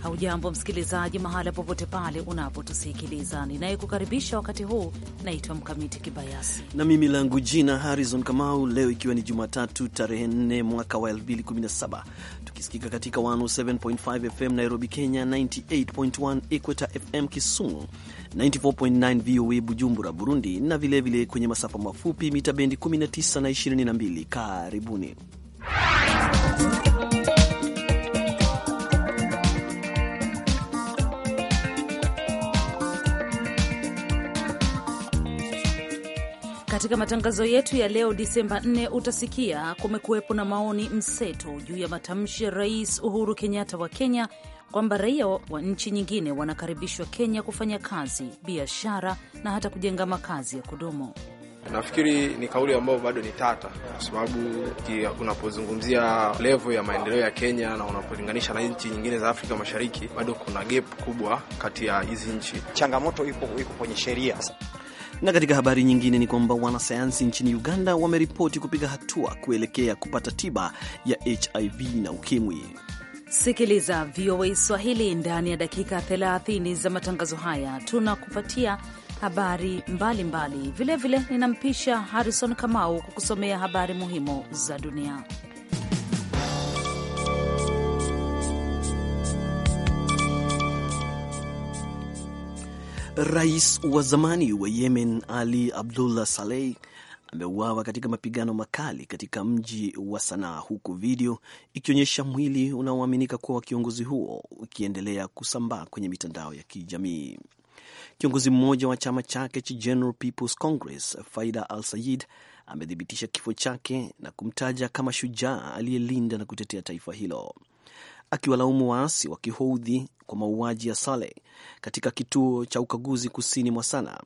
Haujambo msikilizaji, mahala popote pale unapotusikiliza, ninayekukaribisha wakati huu naitwa Mkamiti Kibayasi na mimi langu jina Harrison Kamau. Leo ikiwa ni Jumatatu tarehe 4 mwaka wa 2017, tukisikika katika 107.5 FM Nairobi Kenya, 98.1 Equator FM Kisumu, 94.9 VOA Bujumbura Burundi, na vilevile vile kwenye masafa mafupi mita bendi 19 na 22. Karibuni Katika matangazo yetu ya leo Disemba 4 utasikia kumekuwepo na maoni mseto juu ya matamshi ya Rais Uhuru Kenyatta wa Kenya kwamba raia wa nchi nyingine wanakaribishwa Kenya kufanya kazi, biashara na hata kujenga makazi ya kudumu. Nafikiri ni kauli ambayo bado ni tata, kwa sababu unapozungumzia levo ya maendeleo ya Kenya na unapolinganisha na nchi nyingine za Afrika Mashariki, bado kuna gap kubwa kati ya hizi nchi. Changamoto ipo, iko kwenye sheria. Na katika habari nyingine ni kwamba wanasayansi nchini Uganda wameripoti kupiga hatua kuelekea kupata tiba ya HIV na ukimwi. Sikiliza VOA Swahili ndani ya dakika 30 za matangazo haya, tunakupatia habari mbalimbali. Vilevile ninampisha Harrison Kamau kukusomea habari muhimu za dunia. Rais wa zamani wa Yemen Ali Abdullah Saleh ameuawa katika mapigano makali katika mji wa Sanaa, huku video ikionyesha mwili unaoaminika kuwa wa kiongozi huo ukiendelea kusambaa kwenye mitandao ya kijamii. Kiongozi mmoja wa chama chake cha General People's Congress Faida Al Sayid amethibitisha kifo chake na kumtaja kama shujaa aliyelinda na kutetea taifa hilo akiwalaumu waasi wa kihoudhi kwa mauaji ya Saleh katika kituo cha ukaguzi kusini mwa Sana.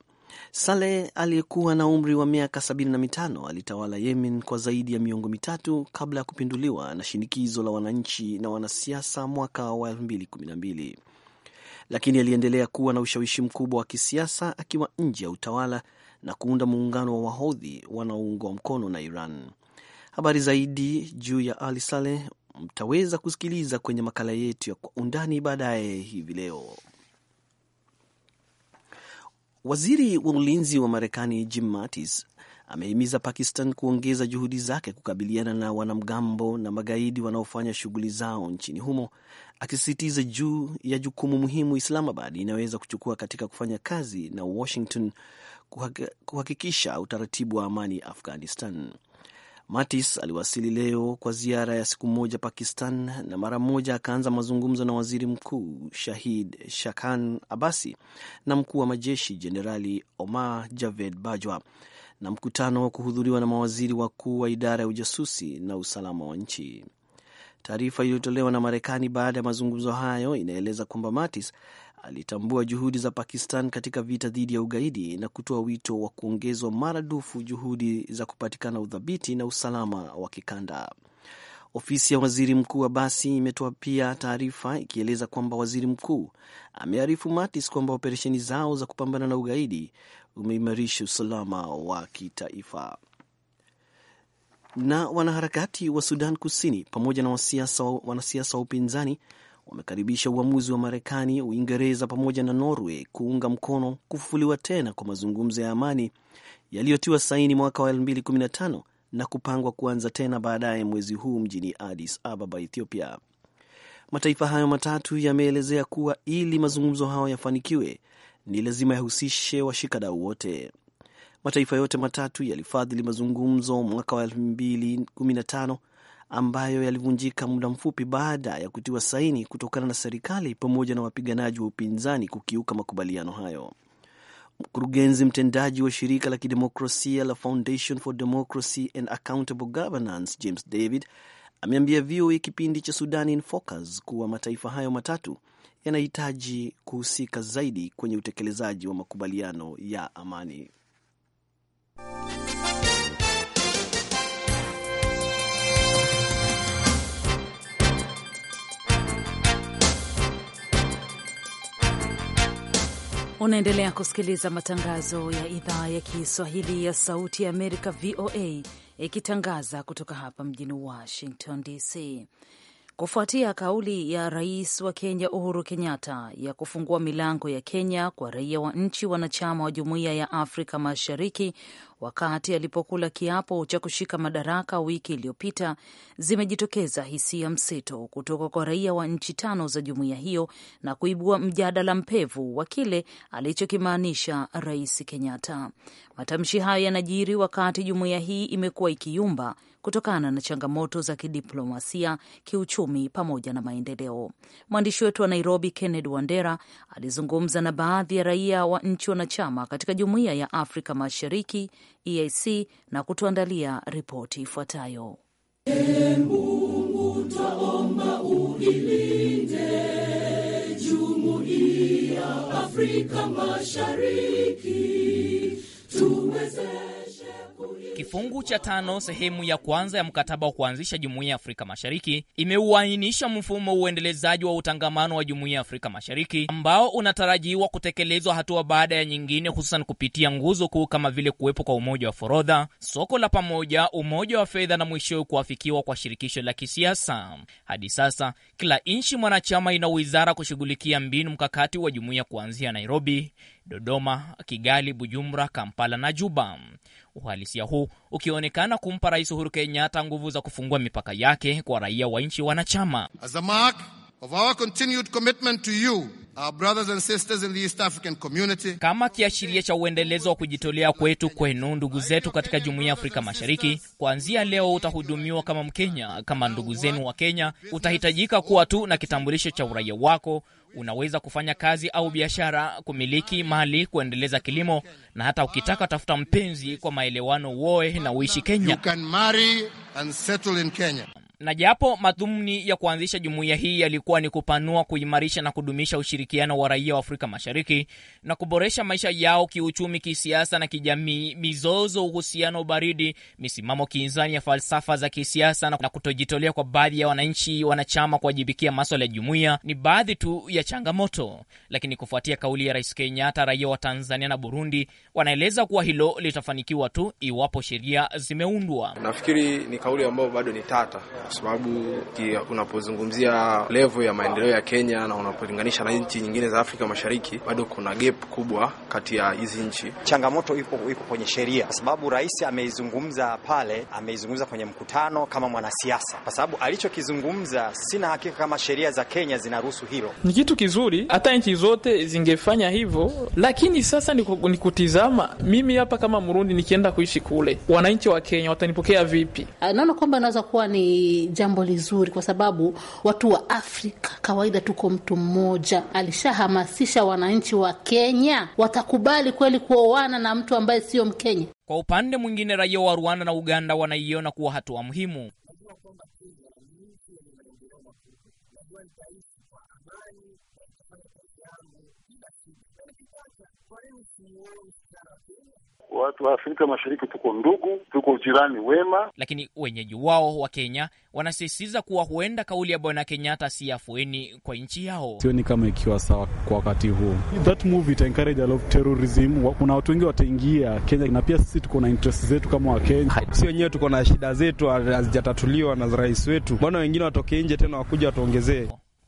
Saleh aliyekuwa na umri wa miaka 75 alitawala Yemen kwa zaidi ya miongo mitatu kabla ya kupinduliwa na shinikizo la wananchi na wanasiasa mwaka wa mbili lakini aliendelea kuwa na ushawishi mkubwa wa kisiasa akiwa nje ya utawala na kuunda muungano wa wahodhi wanaoungwa mkono na Iran. Habari zaidi juu ya Ali Saleh mtaweza kusikiliza kwenye makala yetu ya Kwa Undani baadaye hivi leo. Waziri wa ulinzi wa Marekani Jim Mattis amehimiza Pakistan kuongeza juhudi zake kukabiliana na wanamgambo na magaidi wanaofanya shughuli zao nchini humo, akisisitiza juu ya jukumu muhimu Islamabad inaweza kuchukua katika kufanya kazi na Washington kuhakikisha utaratibu wa amani Afghanistan. Mattis aliwasili leo kwa ziara ya siku moja Pakistan na mara moja akaanza mazungumzo na waziri mkuu Shahid Shakan Abasi na mkuu wa majeshi Jenerali Omar Javed Bajwa, na mkutano wa kuhudhuriwa na mawaziri wakuu wa idara ya ujasusi na usalama wa nchi. Taarifa iliyotolewa na Marekani baada ya mazungumzo hayo inaeleza kwamba Mattis alitambua juhudi za Pakistan katika vita dhidi ya ugaidi na kutoa wito wa kuongezwa maradufu juhudi za kupatikana udhabiti na usalama wa kikanda. Ofisi ya waziri mkuu Abasi imetoa pia taarifa ikieleza kwamba waziri mkuu amearifu Matis kwamba operesheni zao za kupambana na ugaidi umeimarisha usalama wa kitaifa. Na wanaharakati wa Sudan Kusini pamoja na wanasiasa wa upinzani wamekaribisha uamuzi wa Marekani, Uingereza pamoja na Norway kuunga mkono kufufuliwa tena kwa mazungumzo ya amani yaliyotiwa saini mwaka wa 2015 na kupangwa kuanza tena baadaye mwezi huu mjini Addis Ababa, Ethiopia. Mataifa hayo matatu yameelezea kuwa ili mazungumzo hayo yafanikiwe, ni lazima yahusishe washikadau wote. Mataifa yote matatu yalifadhili mazungumzo mwaka wa 2015 ambayo yalivunjika muda mfupi baada ya kutiwa saini kutokana na serikali pamoja na wapiganaji wa upinzani kukiuka makubaliano hayo. Mkurugenzi mtendaji wa shirika la kidemokrasia la Foundation for Democracy and Accountable Governance, James David, ameambia VOA kipindi cha Sudan in Focus kuwa mataifa hayo matatu yanahitaji kuhusika zaidi kwenye utekelezaji wa makubaliano ya amani. Unaendelea kusikiliza matangazo ya idhaa ya Kiswahili ya Sauti ya Amerika, VOA, ikitangaza kutoka hapa mjini Washington DC. Kufuatia kauli ya rais wa Kenya Uhuru Kenyatta ya kufungua milango ya Kenya kwa raia wa nchi wanachama wa Jumuiya ya Afrika Mashariki, wakati alipokula kiapo cha kushika madaraka wiki iliyopita, zimejitokeza hisia mseto kutoka kwa raia wa nchi tano za jumuiya hiyo na kuibua mjadala mpevu wa kile alichokimaanisha Rais Kenyatta. Matamshi hayo yanajiri wakati jumuiya hii imekuwa ikiyumba kutokana na changamoto za kidiplomasia, kiuchumi pamoja na maendeleo. Mwandishi wetu wa Nairobi, Kennedy Wandera, alizungumza na baadhi ya raia wa nchi wanachama katika jumuiya ya Afrika Mashariki EAC na kutuandalia ripoti ifuatayo. twaomba Afrika Mashariki Kifungu cha tano sehemu ya kwanza ya mkataba wa kuanzisha Jumuiya ya Afrika Mashariki imeuainisha mfumo uendelezaji wa utangamano wa Jumuiya ya Afrika Mashariki ambao unatarajiwa kutekelezwa hatua baada ya nyingine, hususan kupitia nguzo kuu kama vile kuwepo kwa umoja wa forodha, soko la pamoja, umoja wa fedha na mwishowe kuafikiwa kwa shirikisho la kisiasa. Hadi sasa kila nchi mwanachama ina wizara kushughulikia mbinu mkakati wa jumuiya kuanzia Nairobi Dodoma, Kigali, Bujumbura, Kampala na Juba. Uhalisia huu ukionekana kumpa Rais Uhuru Kenyatta nguvu za kufungua mipaka yake kwa raia wa nchi wanachama. As a mark of our continued commitment to you Our brothers and sisters in the East African community. Kama kiashiria cha uendelezo wa kujitolea kwetu kwenu, ndugu zetu katika jumuiya ya Afrika Mashariki, kuanzia leo utahudumiwa kama Mkenya. Kama ndugu zenu wa Kenya, utahitajika kuwa tu na kitambulisho cha uraia wako, Unaweza kufanya kazi au biashara, kumiliki mali, kuendeleza kilimo, na hata ukitaka tafuta mpenzi kwa maelewano, uoe na uishi Kenya. You can marry and settle in Kenya na japo madhumuni ya kuanzisha jumuiya hii yalikuwa ni kupanua, kuimarisha na kudumisha ushirikiano wa raia wa Afrika Mashariki na kuboresha maisha yao kiuchumi, kisiasa na kijamii, mizozo, uhusiano baridi, misimamo kinzani ya falsafa za kisiasa na kutojitolea kwa baadhi ya wananchi wanachama kuwajibikia maswala ya jumuiya ni baadhi tu ya changamoto. Lakini kufuatia kauli ya Rais Kenyatta, raia wa Tanzania na Burundi wanaeleza kuwa hilo litafanikiwa tu iwapo sheria zimeundwa. Nafikiri ni kauli ambayo bado ni tata kwa sababu unapozungumzia level ya maendeleo ya Kenya na unapolinganisha na nchi nyingine za Afrika Mashariki bado kuna gap kubwa kati ya hizi nchi. Changamoto ipo, ipo kwenye sheria, kwa sababu rais ameizungumza pale, ameizungumza kwenye mkutano kama mwanasiasa, kwa sababu alichokizungumza, sina hakika kama sheria za Kenya zinaruhusu hilo. Ni kitu kizuri, hata nchi zote zingefanya hivyo, lakini sasa ni kutizama. Mimi hapa kama Mrundi nikienda kuishi kule, wananchi wa Kenya watanipokea vipi? Eh, naona kwamba naweza kuwa ni jambo lizuri, kwa sababu watu wa Afrika kawaida tuko mtu mmoja. Alishahamasisha wananchi wa Kenya, watakubali kweli kuoana na mtu ambaye sio Mkenya? Kwa upande mwingine, raia wa Rwanda na Uganda wanaiona kuwa hatua wa muhimu imani kufanya kazi yangu kwa nini Watu wa Afrika Mashariki tuko ndugu, tuko jirani wema. Lakini wenyeji wao wa Kenya wanasisitiza kuwa huenda kauli ya Bwana Kenyatta si afueni kwa nchi yao. Sioni kama ikiwa sawa kwa wakati huu. That encourage a lot of terrorism. Kuna watu wengi wataingia Kenya, na pia sisi tuko na interest zetu kama Wakenya. Si wenyewe tuko na shida zetu hazijatatuliwa na rais wetu, mbona wengine watoke nje tena wakuja watuongezee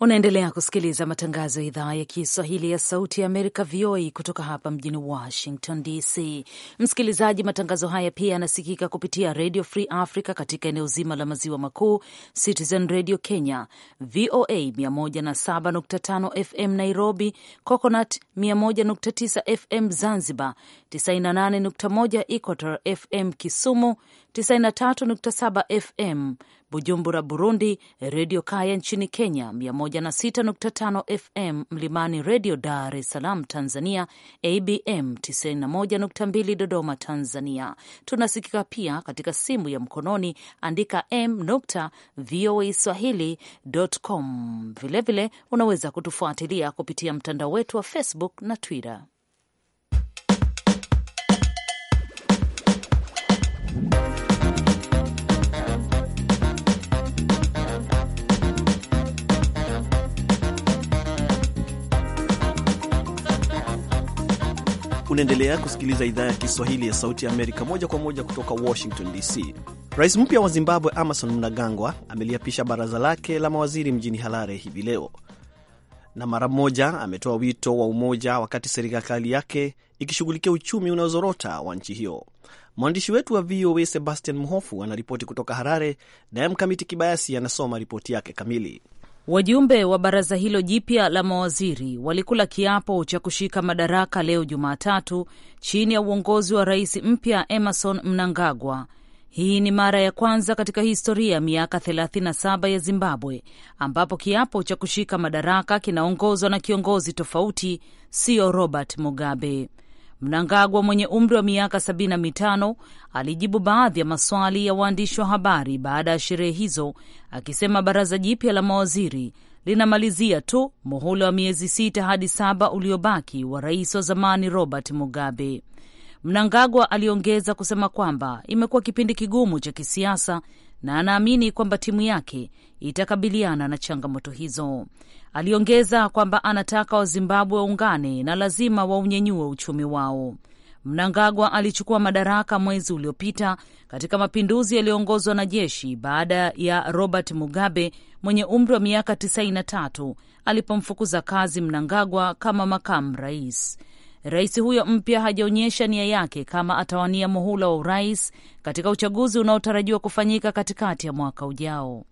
Unaendelea kusikiliza matangazo ya idhaa ya Kiswahili ya Sauti ya Amerika, VOA, kutoka hapa mjini Washington DC. Msikilizaji, matangazo haya pia yanasikika kupitia Radio Free Africa katika eneo zima la maziwa makuu, Citizen Radio Kenya, VOA 107.5 FM Nairobi, Coconut 101.9 FM Zanzibar, 98.1 Equator FM Kisumu, 93.7 FM Bujumbura Burundi, Redio Kaya nchini Kenya 106.5 FM, Mlimani Redio Dar es Salaam Tanzania, ABM 91.2 Dodoma Tanzania. Tunasikika pia katika simu ya mkononi, andika swahilicom Vilevile unaweza kutufuatilia kupitia mtandao wetu wa Facebook na Twitter. Unaendelea kusikiliza idhaa ya Kiswahili ya Sauti ya Amerika moja kwa moja kutoka Washington DC. Rais mpya wa Zimbabwe Emmerson Mnangagwa ameliapisha baraza lake la mawaziri mjini Harare hivi leo na mara moja ametoa wito wa umoja, wakati serikali yake ikishughulikia uchumi unaozorota wa nchi hiyo. Mwandishi wetu wa VOA Sebastian Mhofu anaripoti kutoka Harare, naye Mkamiti Kibayasi anasoma ripoti yake kamili. Wajumbe wa baraza hilo jipya la mawaziri walikula kiapo cha kushika madaraka leo Jumatatu chini ya uongozi wa rais mpya Emerson Mnangagwa. Hii ni mara ya kwanza katika historia ya miaka 37 ya Zimbabwe ambapo kiapo cha kushika madaraka kinaongozwa na kiongozi tofauti, sio Robert Mugabe. Mnangagwa mwenye umri wa miaka sabini na mitano alijibu baadhi ya maswali ya waandishi wa habari baada ya sherehe hizo, akisema baraza jipya la mawaziri linamalizia tu muhula wa miezi sita hadi saba uliobaki wa rais wa zamani Robert Mugabe. Mnangagwa aliongeza kusema kwamba imekuwa kipindi kigumu cha kisiasa na anaamini kwamba timu yake itakabiliana na changamoto hizo. Aliongeza kwamba anataka Wazimbabwe waungane na lazima waunyenyue uchumi wao. Mnangagwa alichukua madaraka mwezi uliopita katika mapinduzi yaliyoongozwa na jeshi baada ya Robert Mugabe mwenye umri wa miaka 93 alipomfukuza kazi Mnangagwa kama makamu rais. Rais huyo mpya hajaonyesha nia yake kama atawania muhula wa urais katika uchaguzi unaotarajiwa kufanyika katikati ya mwaka ujao.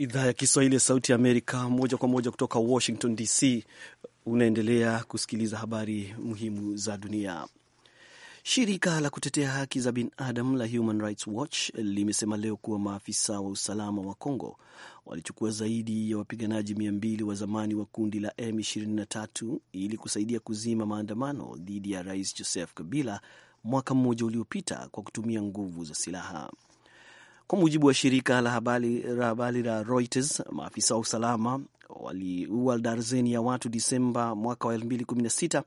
Idhaa ya Kiswahili ya Sauti ya Amerika, moja kwa moja kutoka Washington DC. Unaendelea kusikiliza habari muhimu za dunia. Shirika la kutetea haki za binadamu la Human Rights Watch limesema leo kuwa maafisa wa usalama wa Congo walichukua zaidi ya wapiganaji mia mbili wa zamani wa kundi la M23 ili kusaidia kuzima maandamano dhidi ya Rais Joseph Kabila mwaka mmoja uliopita kwa kutumia nguvu za silaha. Kwa mujibu wa shirika la habari la Reuters, maafisa wa usalama waliua darzeni ya watu Disemba mwaka wa 2016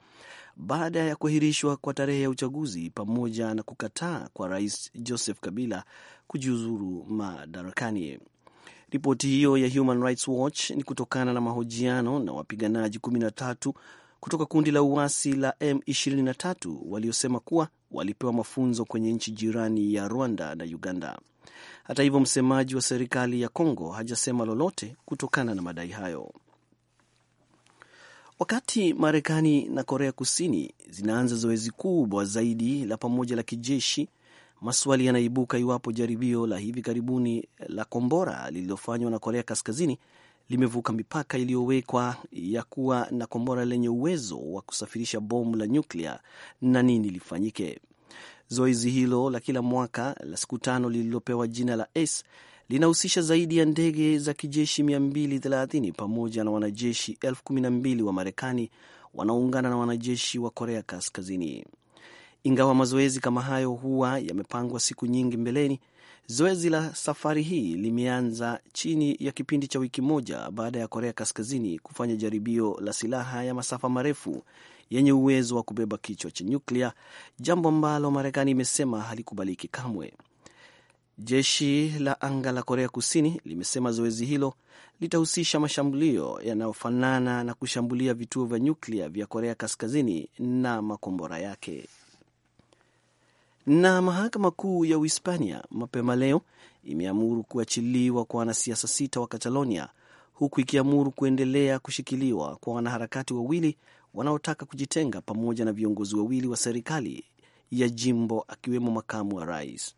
baada ya kuahirishwa kwa tarehe ya uchaguzi pamoja na kukataa kwa rais Joseph Kabila kujiuzuru madarakani. Ripoti hiyo ya Human Rights Watch ni kutokana na mahojiano na wapiganaji 13 kutoka kundi la uasi la M23 waliosema kuwa walipewa mafunzo kwenye nchi jirani ya Rwanda na Uganda. Hata hivyo, msemaji wa serikali ya congo hajasema lolote kutokana na madai hayo. Wakati Marekani na Korea Kusini zinaanza zoezi kubwa zaidi la pamoja la kijeshi maswali yanaibuka iwapo jaribio la hivi karibuni la kombora lililofanywa na Korea Kaskazini limevuka mipaka iliyowekwa ya kuwa na kombora lenye uwezo wa kusafirisha bomu la nyuklia na nini lifanyike. Zoezi hilo la kila mwaka la siku tano lililopewa jina la ACE linahusisha zaidi ya ndege za kijeshi 230 pamoja na wanajeshi elfu 12 wa Marekani wanaoungana na wanajeshi wa Korea Kaskazini. Ingawa mazoezi kama hayo huwa yamepangwa siku nyingi mbeleni, zoezi la safari hii limeanza chini ya kipindi cha wiki moja baada ya Korea Kaskazini kufanya jaribio la silaha ya masafa marefu yenye uwezo wa kubeba kichwa cha nyuklia, jambo ambalo Marekani imesema halikubaliki kamwe. Jeshi la anga la Korea Kusini limesema zoezi hilo litahusisha mashambulio yanayofanana na kushambulia vituo vya nyuklia vya Korea Kaskazini na makombora yake. Na mahakama kuu ya Uhispania mapema leo imeamuru kuachiliwa kwa wanasiasa sita wa Catalonia, huku ikiamuru kuendelea kushikiliwa kwa wanaharakati wawili wanaotaka kujitenga pamoja na viongozi wawili wa serikali ya jimbo akiwemo makamu wa rais.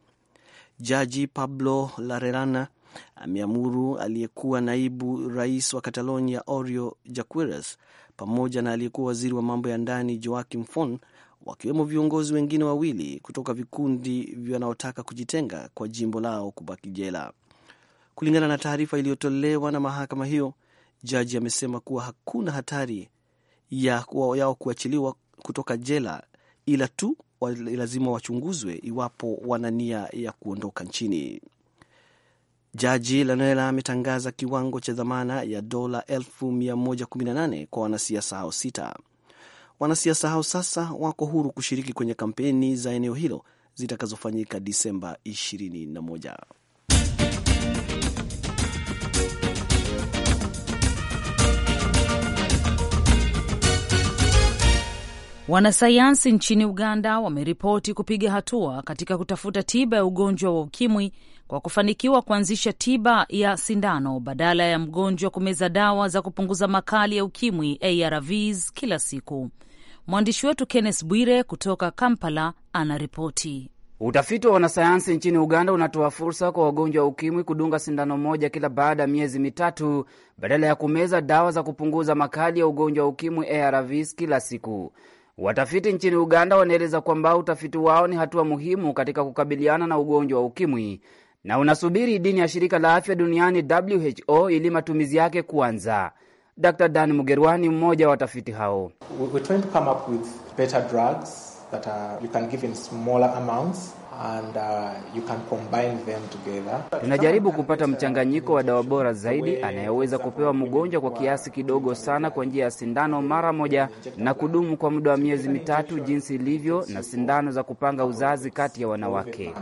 Jaji Pablo Larelana ameamuru aliyekuwa naibu rais wa Catalonia Oriol Junqueras pamoja na aliyekuwa waziri wa mambo ya ndani Joaquim Fon wakiwemo viongozi wengine wawili kutoka vikundi vyanaotaka kujitenga kwa jimbo lao kubaki jela. Kulingana na taarifa iliyotolewa na mahakama hiyo, jaji amesema kuwa hakuna hatari ya yao kuachiliwa kutoka jela, ila tu lazima wachunguzwe iwapo wana nia ya kuondoka nchini. Jaji Lanela ametangaza kiwango cha dhamana ya dola 118 kwa wanasiasa hao sita. Wanasiasa hao sasa wako huru kushiriki kwenye kampeni za eneo hilo zitakazofanyika Disemba 21. Wanasayansi nchini Uganda wameripoti kupiga hatua katika kutafuta tiba ya ugonjwa wa ukimwi kwa kufanikiwa kuanzisha tiba ya sindano badala ya mgonjwa kumeza dawa za kupunguza makali ya ukimwi ARVs kila siku. Mwandishi wetu Kenneth Bwire kutoka Kampala anaripoti. Utafiti wa wanasayansi nchini Uganda unatoa fursa kwa wagonjwa wa ukimwi kudunga sindano moja kila baada ya miezi mitatu badala ya kumeza dawa za kupunguza makali ya ugonjwa wa ukimwi ARVs kila siku. Watafiti nchini Uganda wanaeleza kwamba utafiti wao ni hatua muhimu katika kukabiliana na ugonjwa wa ukimwi na unasubiri idhini ya shirika la afya duniani WHO ili matumizi yake kuanza. Dr Dan Mugerwa ni mmoja wa watafiti hao. We're trying to come up with better drugs that are, you can give in smaller amounts And, uh, you can combine them together. Tunajaribu kupata mchanganyiko wa dawa bora zaidi anayeweza kupewa mgonjwa kwa kiasi kidogo sana kwa njia ya sindano mara moja na kudumu kwa muda wa miezi mitatu jinsi ilivyo na sindano za kupanga uzazi kati ya wanawake.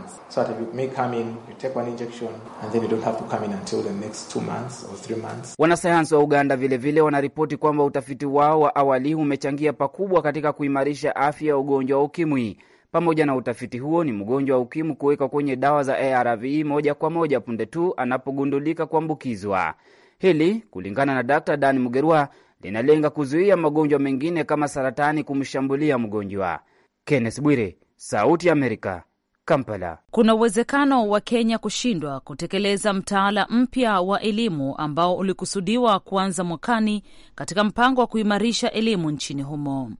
Wanasayansi wa Uganda vilevile wanaripoti kwamba utafiti wao wa awali umechangia pakubwa katika kuimarisha afya ya ugonjwa wa ukimwi. Pamoja na utafiti huo, ni mgonjwa wa ukimwi kuwekwa kwenye dawa za ARV moja kwa moja punde tu anapogundulika kuambukizwa. Hili kulingana na Dr Dan Mugerwa linalenga kuzuia magonjwa mengine kama saratani kumshambulia mgonjwa. Kenneth Bwire, Sauti ya Amerika, Kampala. Kuna uwezekano wa Kenya kushindwa kutekeleza mtaala mpya wa elimu ambao ulikusudiwa kuanza mwakani katika mpango wa kuimarisha elimu nchini humo.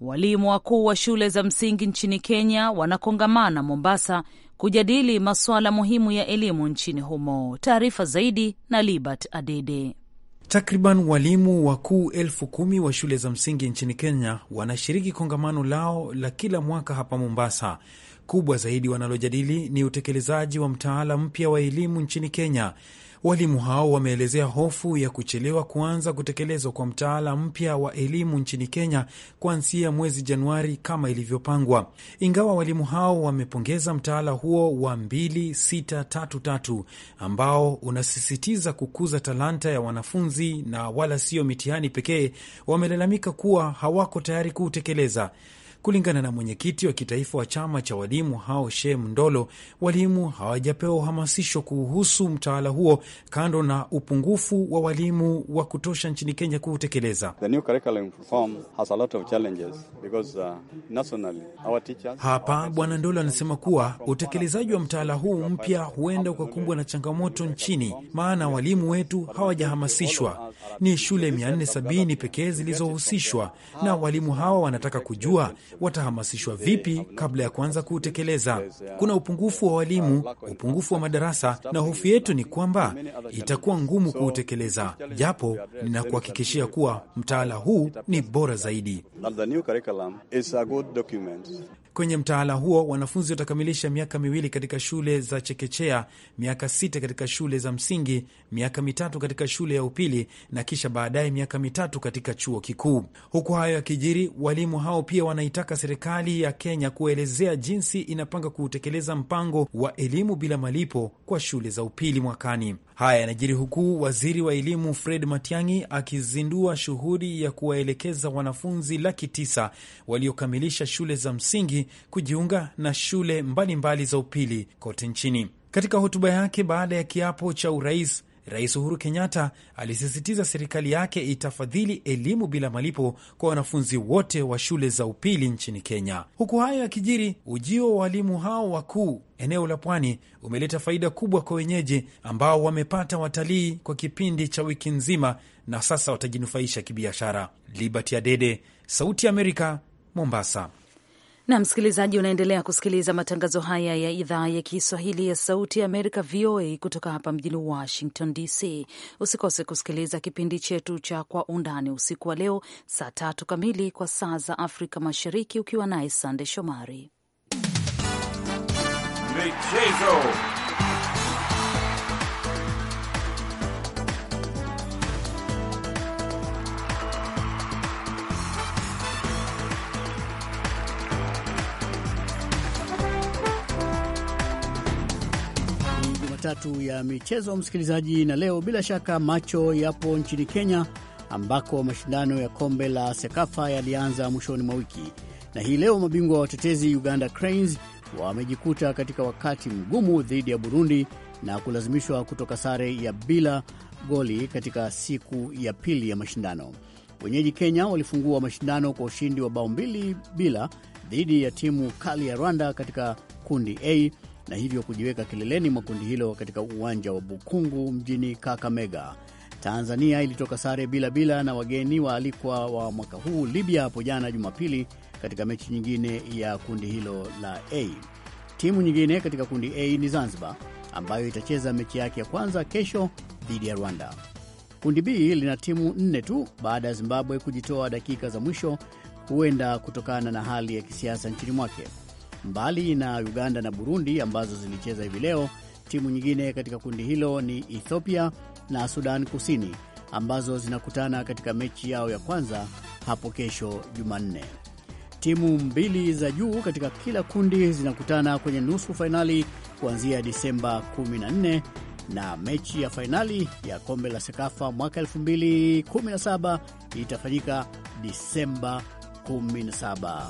Walimu wakuu wa shule za msingi nchini Kenya wanakongamana Mombasa kujadili masuala muhimu ya elimu nchini humo. Taarifa zaidi na Libert Adede. Takriban walimu wakuu elfu kumi wa shule za msingi nchini Kenya wanashiriki kongamano lao la kila mwaka hapa Mombasa. Kubwa zaidi wanalojadili ni utekelezaji wa mtaala mpya wa elimu nchini Kenya. Walimu hao wameelezea hofu ya kuchelewa kuanza kutekelezwa kwa mtaala mpya wa elimu nchini Kenya kuanzia mwezi Januari kama ilivyopangwa. Ingawa walimu hao wamepongeza mtaala huo wa 2633 ambao unasisitiza kukuza talanta ya wanafunzi na wala sio mitihani pekee, wamelalamika kuwa hawako tayari kuutekeleza. Kulingana na mwenyekiti wa kitaifa wa chama cha walimu hao Shem Ndolo, walimu hawajapewa uhamasisho kuhusu mtaala huo, kando na upungufu wa walimu wa kutosha nchini Kenya kuutekeleza. Uh, Hapa Bwana Ndolo anasema kuwa utekelezaji wa mtaala huu mpya huenda ukakumbwa na changamoto nchini, maana walimu wetu hawajahamasishwa. Ni shule 470 pekee zilizohusishwa, na walimu hawa wanataka kujua watahamasishwa vipi kabla ya kuanza kuutekeleza? Kuna upungufu wa walimu, upungufu wa madarasa, na hofu yetu ni kwamba itakuwa ngumu kuutekeleza, japo ninakuhakikishia kuwa mtaala huu ni bora zaidi. Kwenye mtaala huo wanafunzi watakamilisha miaka miwili katika shule za chekechea, miaka sita katika shule za msingi, miaka mitatu katika shule ya upili na kisha baadaye miaka mitatu katika chuo kikuu. Huku hayo yakijiri, walimu hao pia wanahitaji kuitaka serikali ya Kenya kuelezea jinsi inapanga kutekeleza mpango wa elimu bila malipo kwa shule za upili mwakani. Haya yanajiri huku waziri wa elimu Fred Matiang'i akizindua shughuli ya kuwaelekeza wanafunzi laki tisa waliokamilisha shule za msingi kujiunga na shule mbalimbali mbali za upili kote nchini. Katika hotuba yake baada ya kiapo cha urais Rais Uhuru Kenyatta alisisitiza serikali yake itafadhili elimu bila malipo kwa wanafunzi wote wa shule za upili nchini Kenya. Huku hayo yakijiri, ujio wa walimu hao wakuu eneo la pwani umeleta faida kubwa kwa wenyeji ambao wamepata watalii kwa kipindi cha wiki nzima na sasa watajinufaisha kibiashara. Liberty Adede, Sauti ya Amerika, Mombasa na msikilizaji, unaendelea kusikiliza matangazo haya ya idhaa ya Kiswahili ya Sauti ya Amerika, VOA, kutoka hapa mjini Washington DC. Usikose kusikiliza kipindi chetu cha Kwa Undani usiku wa leo saa tatu kamili kwa saa za Afrika Mashariki, ukiwa naye Sande Shomari. Michezo. tatu ya michezo, msikilizaji, na leo bila shaka macho yapo nchini Kenya ambako mashindano ya kombe la Sekafa yalianza mwishoni mwa wiki, na hii leo mabingwa wa watetezi Uganda Cranes wamejikuta katika wakati mgumu dhidi ya Burundi na kulazimishwa kutoka sare ya bila goli katika siku ya pili ya mashindano. Wenyeji Kenya walifungua mashindano kwa ushindi wa bao mbili bila dhidi ya timu kali ya Rwanda katika kundi A na hivyo kujiweka kileleni mwa kundi hilo katika uwanja wa Bukungu mjini Kakamega. Tanzania ilitoka sare bila bila na wageni waalikwa wa mwaka huu Libya hapo jana Jumapili katika mechi nyingine ya kundi hilo la A. Timu nyingine katika kundi A ni Zanzibar ambayo itacheza mechi yake ya kwanza kesho dhidi ya Rwanda. Kundi B lina timu nne tu baada ya Zimbabwe kujitoa dakika za mwisho, huenda kutokana na hali ya kisiasa nchini mwake. Mbali na Uganda na Burundi ambazo zilicheza hivi leo, timu nyingine katika kundi hilo ni Ethiopia na Sudan Kusini ambazo zinakutana katika mechi yao ya kwanza hapo kesho Jumanne. Timu mbili za juu katika kila kundi zinakutana kwenye nusu fainali kuanzia Disemba 14 na mechi ya fainali ya kombe la SEKAFA mwaka 2017 itafanyika Disemba 17.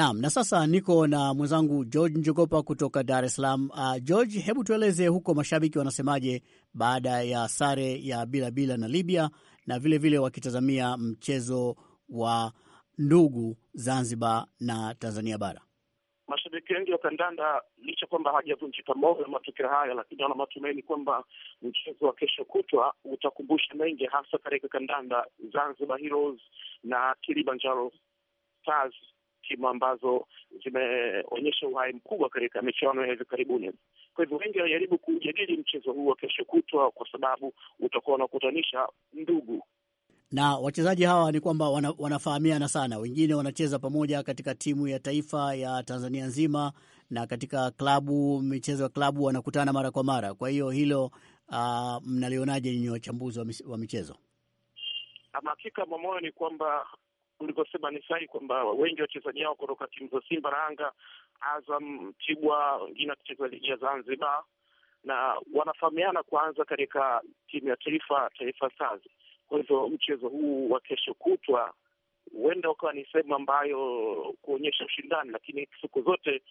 Naam, na sasa niko na mwenzangu George Njogopa kutoka Dar es Salaam. Uh, George, hebu tueleze huko mashabiki wanasemaje baada ya sare ya bila bila na Libya na vilevile vile wakitazamia mchezo wa ndugu Zanzibar na Tanzania bara? Mashabiki wengi wa kandanda licha kwamba hajavunjika moyo na matokeo haya, lakini wana matumaini kwamba mchezo wa kesho kutwa utakumbusha mengi, hasa katika kandanda Zanzibar Heroes na Kilimanjaro Stars timu ambazo zimeonyesha uhai mkubwa katika michuano ya hivi karibuni. Kwa hivyo wengi wanajaribu kujadili mchezo huu wa kesho kutwa, kwa sababu utakuwa unakutanisha ndugu na wachezaji hawa ni kwamba wana, wanafahamiana sana. Wengine wanacheza pamoja katika timu ya taifa ya Tanzania nzima na katika klabu, michezo ya klabu wanakutana mara kwa mara. Kwa hiyo hilo uh, mnalionaje nyinyi wachambuzi wa michezo? Ama hakika mamoyo ni kwamba ulikosema ni sahihi kwamba wengi wachezaji hao kutoka timu za Simba na Yanga, Azam, mtibwa wengine wakicheza ligi ya Zanzibar na wanafahamiana kwanza katika timu ya taifa Taifa Stars. Kwa hivyo mchezo huu wa kesho kutwa huenda ukawa ni sehemu ambayo kuonyesha ushindani, lakini siku zote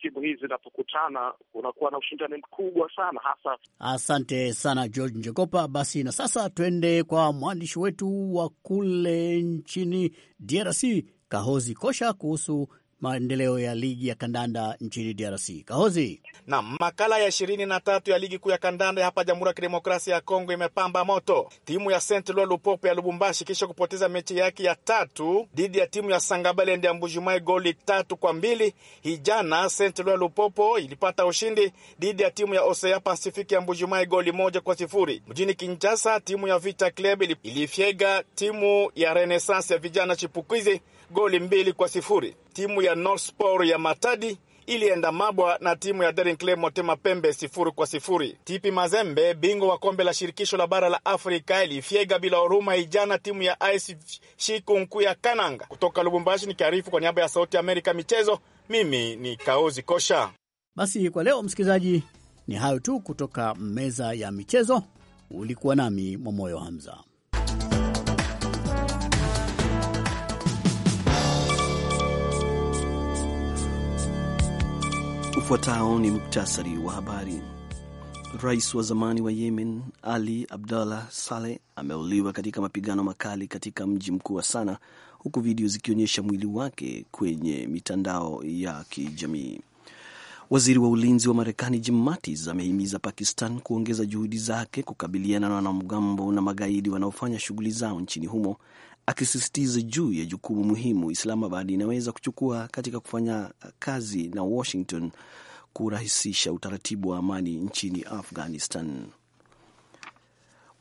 timu zinapokutana kunakuwa na ushindani mkubwa sana hasa. Asante sana George Njogopa. Basi na sasa twende kwa mwandishi wetu wa kule nchini DRC Kahozi Kosha kuhusu maendeleo ya ligi ya kandanda nchini DRC. Kahozi na makala ya ishirini na tatu ya ligi kuu ya kandanda hapa Jamhuri ya Kidemokrasia ya Kongo imepamba moto. Timu ya Saint Eloi Lupopo ya Lubumbashi kisha kupoteza mechi yake ya tatu dhidi ya timu ya Sangabalende ya mbujumai goli tatu kwa mbili. Hijana Saint Eloi Lupopo ilipata ushindi dhidi ya timu ya Osea Pacific ya mbujumai goli moja kwa sifuri. Mjini Kinshasa, timu ya Vita Club ilifyega timu ya Renaissance ya vijana chipukizi goli mbili kwa sifuri. Timu ya Northport ya Matadi ilienda mabwa na timu ya Dernclay Motema Pembe sifuri kwa sifuri. Tipi Mazembe, bingwa wa kombe la shirikisho la bara la Afrika, ilifyega bila huruma ijana timu ya Shiku Nkuu ya Kananga kutoka Lubumbashi. Nikiarifu kwa niaba ya Sauti ya Amerika michezo, mimi ni Kaozi Kosha. Basi kwa leo, msikilizaji, ni hayo tu kutoka meza ya michezo. Ulikuwa nami Mwamoyo Hamza. Ufuatao ni muktasari wa habari. Rais wa zamani wa Yemen Ali Abdallah Saleh ameuliwa katika mapigano makali katika mji mkuu wa Sana, huku video zikionyesha mwili wake kwenye mitandao ya kijamii. Waziri wa ulinzi wa Marekani Jim Mattis amehimiza Pakistan kuongeza juhudi zake kukabiliana na wanamgambo na magaidi wanaofanya shughuli zao nchini humo, akisisitiza juu ya jukumu muhimu Islamabad inaweza kuchukua katika kufanya kazi na Washington kurahisisha utaratibu wa amani nchini Afghanistan.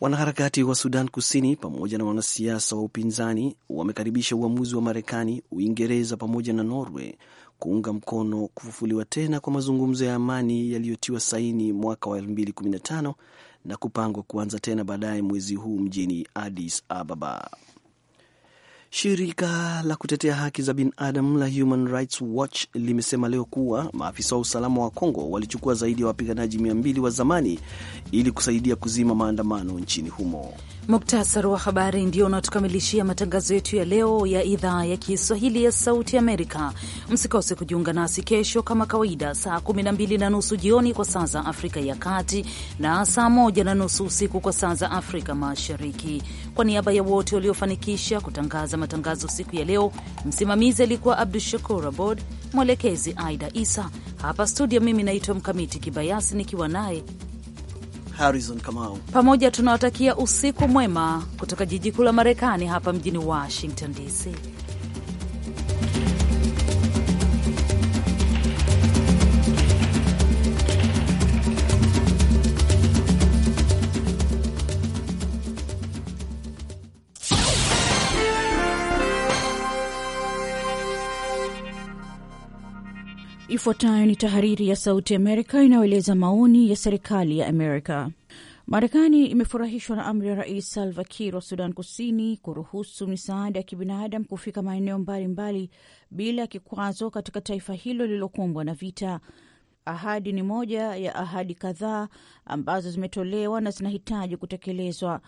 Wanaharakati wa Sudan Kusini pamoja na wanasiasa wa upinzani wamekaribisha uamuzi wa Marekani, Uingereza pamoja na Norway kuunga mkono kufufuliwa tena kwa mazungumzo ya amani yaliyotiwa saini mwaka wa 2015 na kupangwa kuanza tena baadaye mwezi huu mjini Addis Ababa. Shirika la kutetea haki za binadamu la Human Rights Watch limesema leo kuwa maafisa wa usalama wa Kongo walichukua zaidi ya wapiganaji 200 wa zamani ili kusaidia kuzima maandamano nchini humo. Muktasari wa habari ndio unatukamilishia matangazo yetu ya leo ya idhaa ya Kiswahili ya Sauti Amerika. Msikose kujiunga nasi kesho kama kawaida, saa 12 na nusu jioni kwa saa za Afrika ya Kati na saa 1 na nusu usiku kwa saa za Afrika Mashariki. Kwa niaba ya wote waliofanikisha kutangaza matangazo siku ya leo, msimamizi alikuwa Abdu Shakur Abod, mwelekezi Aida Isa. Hapa studio, mimi naitwa Mkamiti Kibayasi nikiwa naye Harrison Kamau. Pamoja tunawatakia usiku mwema kutoka jiji kuu la Marekani hapa mjini Washington DC. Ifuatayo ni tahariri ya Sauti Amerika inayoeleza maoni ya serikali ya Amerika. Marekani imefurahishwa na amri ya Rais Salva Kiir wa Sudan Kusini kuruhusu misaada ya kibinadamu kufika maeneo mbalimbali bila ya kikwazo katika taifa hilo lililokumbwa na vita. Ahadi ni moja ya ahadi kadhaa ambazo zimetolewa na zinahitaji kutekelezwa.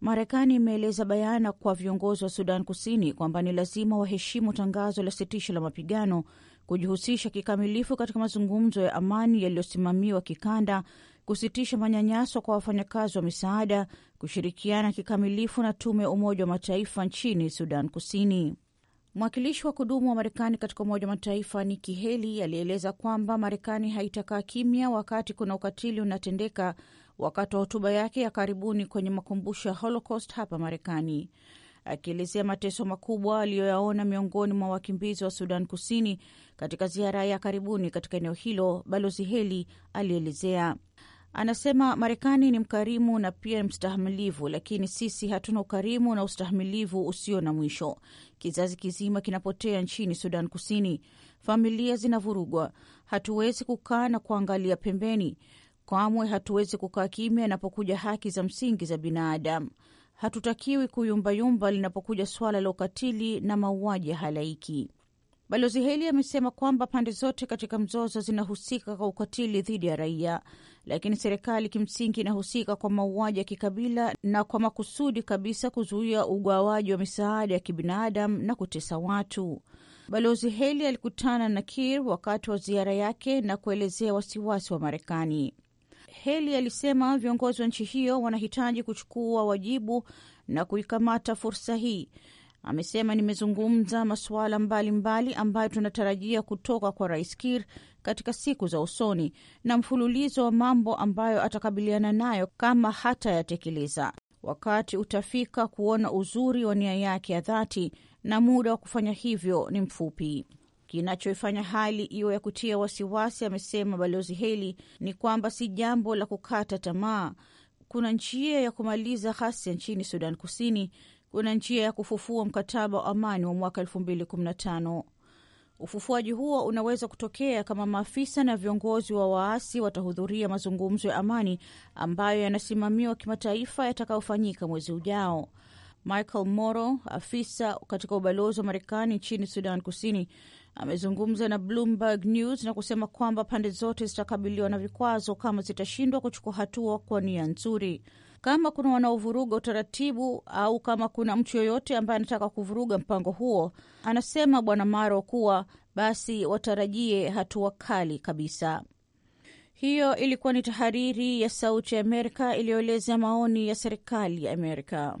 Marekani imeeleza bayana kwa viongozi wa Sudan Kusini kwamba ni lazima waheshimu tangazo la sitisho la mapigano kujihusisha kikamilifu katika mazungumzo ya amani yaliyosimamiwa kikanda, kusitisha manyanyaso kwa wafanyakazi wa misaada, kushirikiana kikamilifu na tume ya Umoja wa Mataifa nchini Sudan Kusini. Mwakilishi wa kudumu wa Marekani katika Umoja wa Mataifa Nikki Haley alieleza kwamba Marekani haitakaa kimya wakati kuna ukatili unatendeka, wakati wa hotuba yake ya karibuni kwenye makumbusho ya Holocaust hapa Marekani akielezea mateso makubwa aliyoyaona miongoni mwa wakimbizi wa Sudan Kusini katika ziara ya karibuni katika eneo hilo. Balozi Heli alielezea Anasema Marekani ni mkarimu na pia mstahamilivu, lakini sisi hatuna ukarimu na ustahamilivu usio na mwisho. Kizazi kizima kinapotea nchini Sudan Kusini, familia zinavurugwa. Hatuwezi kukaa na kuangalia pembeni, kamwe hatuwezi kukaa kimya inapokuja haki za msingi za binadamu hatutakiwi kuyumbayumba linapokuja swala la ukatili na mauaji ya halaiki. Balozi Heli amesema kwamba pande zote katika mzozo zinahusika kwa ukatili dhidi ya raia, lakini serikali kimsingi inahusika kwa mauaji ya kikabila na kwa makusudi kabisa kuzuia ugawaji wa misaada ya kibinadamu na kutesa watu. Balozi Heli alikutana na Kir wakati wa ziara yake na kuelezea wasiwasi wa Marekani. Heli alisema viongozi wa nchi hiyo wanahitaji kuchukua wajibu na kuikamata fursa hii. Amesema, nimezungumza masuala mbalimbali ambayo tunatarajia kutoka kwa Rais Kir katika siku za usoni na mfululizo wa mambo ambayo atakabiliana nayo kama hatayatekeleza. Wakati utafika kuona uzuri wa nia yake ya dhati na muda wa kufanya hivyo ni mfupi kinachoifanya hali iwe ya kutia wasiwasi, amesema Balozi heli ni kwamba si jambo la kukata tamaa. Kuna njia ya kumaliza ghasia nchini Sudan Kusini, kuna njia ya kufufua mkataba wa amani wa mwaka 2015. Ufufuaji huo unaweza kutokea kama maafisa na viongozi wa waasi watahudhuria mazungumzo ya amani ambayo yanasimamiwa kimataifa yatakayofanyika mwezi ujao. Michael Moro, afisa katika ubalozi wa Marekani nchini Sudan Kusini, amezungumza na Bloomberg News na kusema kwamba pande zote zitakabiliwa na vikwazo kama zitashindwa kuchukua hatua kwa nia nzuri. Kama kuna wanaovuruga utaratibu au kama kuna mtu yoyote ambaye anataka kuvuruga mpango huo, anasema Bwana Maro, kuwa basi watarajie hatua kali kabisa. Hiyo ilikuwa ni tahariri ya Sauti ya Amerika iliyoeleza maoni ya serikali ya Amerika.